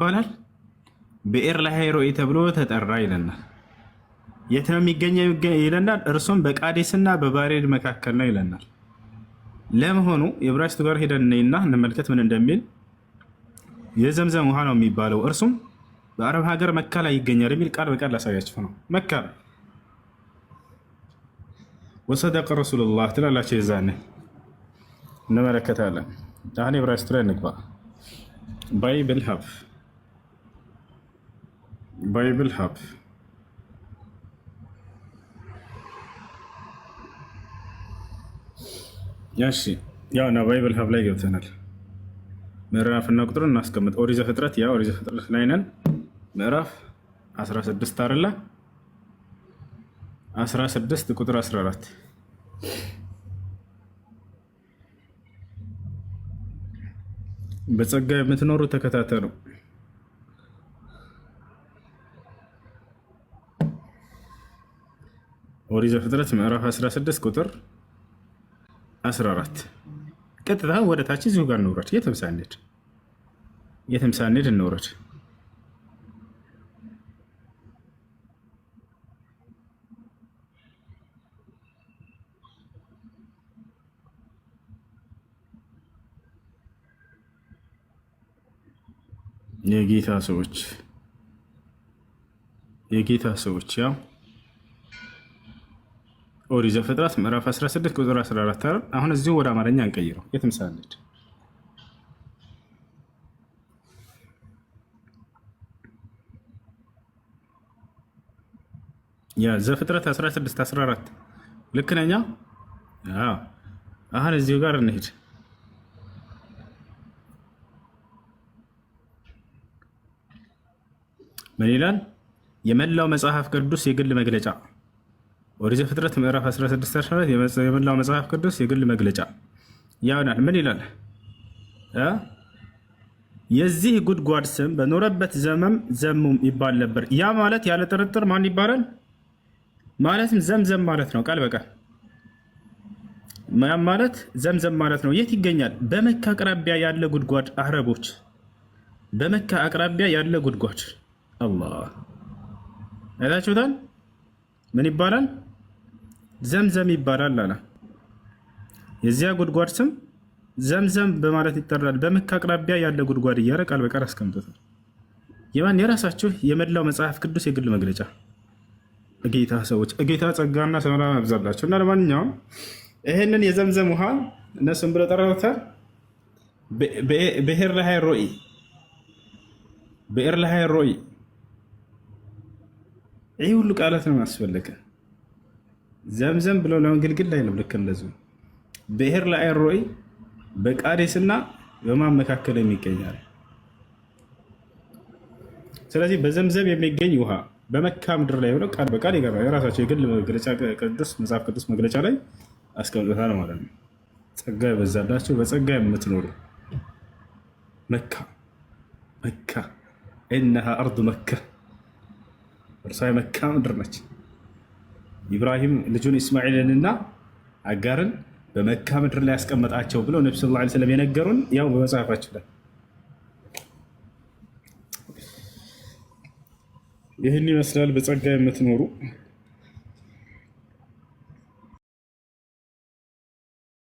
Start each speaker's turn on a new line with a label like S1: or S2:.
S1: ይባላል ብኤር ለሃይሮኢ ተብሎ ተጠራ ይለናል። የት ነው የሚገኘው ይለናል። እርሱም በቃዴስና በባሬድ መካከል ነው ይለናል። ለመሆኑ የብራስቱ ጋር ሄደን እና እንመልከት ምን እንደሚል። የዘምዘም ውሃ ነው የሚባለው እርሱም በአረብ ሀገር መካ ላይ ይገኛል የሚል ቃል በቃል ላሳያችሁ ነው። መካ ወሰደቀ ረሱሉላህ ትላላቸው። የዛኔ እንመለከታለን። አሁን የብራስቱ ላይ እንግባ ባይብል ሀፍ ባይብል Hub. ያሺ ያው እና ባይብል ሀብ ላይ ገብተናል። ምዕራፍና ቁጥሩን እናስቀምጥ። ኦሪት ዘፍጥረት ያው ኦሪት ዘፍጥረት ላይ ነን። ምዕራፍ 16 አለ 16 ቁጥር 14 በጸጋ የምትኖሩ ተከታተሉ። ኦሪት ዘፍጥረት ምዕራፍ 16 ቁጥር 14 ቀጥታ ወደ ታች እዚሁ ጋር እንውረድ። የተምሳኔድ የተምሳኔድ እንውረድ። የጌታ ሰዎች የጌታ ሰዎች ያው ኦሪት ዘፍጥረት ምዕራፍ 16 ቁጥር 14 አይደል? አሁን እዚሁ ወደ አማርኛ እንቀይረው። የትም ሳንሄድ ዘፍጥረት 16 14 ልክ ነኛ። አሁን እዚሁ ጋር እንሄድ። ምን ይላል? የመላው መጽሐፍ ቅዱስ የግል መግለጫ ኦሪት ዘፍጥረት ምዕራፍ 16 የመላው መጽሐፍ ቅዱስ የግል መግለጫ ያውናል። ምን ይላል? የዚህ ጉድጓድ ስም በኖረበት ዘመም ዘሙም ይባል ነበር። ያ ማለት ያለ ጥርጥር ማን ይባላል? ማለትም ዘምዘም ማለት ነው። ቃል በቃል ያም ማለት ዘምዘም ማለት ነው። የት ይገኛል? በመካ አቅራቢያ ያለ ጉድጓድ። አረቦች በመካ አቅራቢያ ያለ ጉድጓድ አላህ አይታችሁታል። ምን ይባላል? ዘምዘም ይባላል አለ። የዚያ ጉድጓድ ስም ዘምዘም በማለት ይጠራል። በመካ አቅራቢያ ያለ ጉድጓድ እያለ ቃል በቃል አስቀምጦታል። የማን የራሳችሁ የመላው መጽሐፍ ቅዱስ የግል መግለጫ ጌታ ሰዎች ጌታ ጸጋና ሰላም ያብዛላቸው እና ለማንኛውም ይህንን የዘምዘም ውሃ እነሱም ብለው ጠራውታል። ብሔር ላይ ሮኢ ብሔር ላይ ሮኢ ይህ ሁሉ ቃላት ነው ያስፈለገ ዘምዘም ብለው ለመገልገል ላይ ነው። ልክ እንደዚ ብሔር ለአይሮኢ በቃዴስና በማን መካከል የሚገኛል? ስለዚህ በዘምዘም የሚገኝ ውሃ በመካ ምድር ላይ ሆነው ቃል በቃል ይገባል። የራሳቸው የግል መግለጫ ቅዱስ መጽሐፍ ቅዱስ መግለጫ ላይ አስቀምጦታል ማለት ነው። ጸጋ የበዛላቸው በጸጋ የምትኖሩ መካ መካ እነሃ አርዱ መካ እርሷ የመካ ምድር ነች። ኢብራሂም ልጁን እስማኤልንና አጋርን በመካ ምድር ላይ ያስቀመጣቸው ብለው ነቢ ስለ ላ ስለም የነገሩን ያው በመጽሐፋችን ላይ ይህን ይመስላል። በጸጋ የምትኖሩ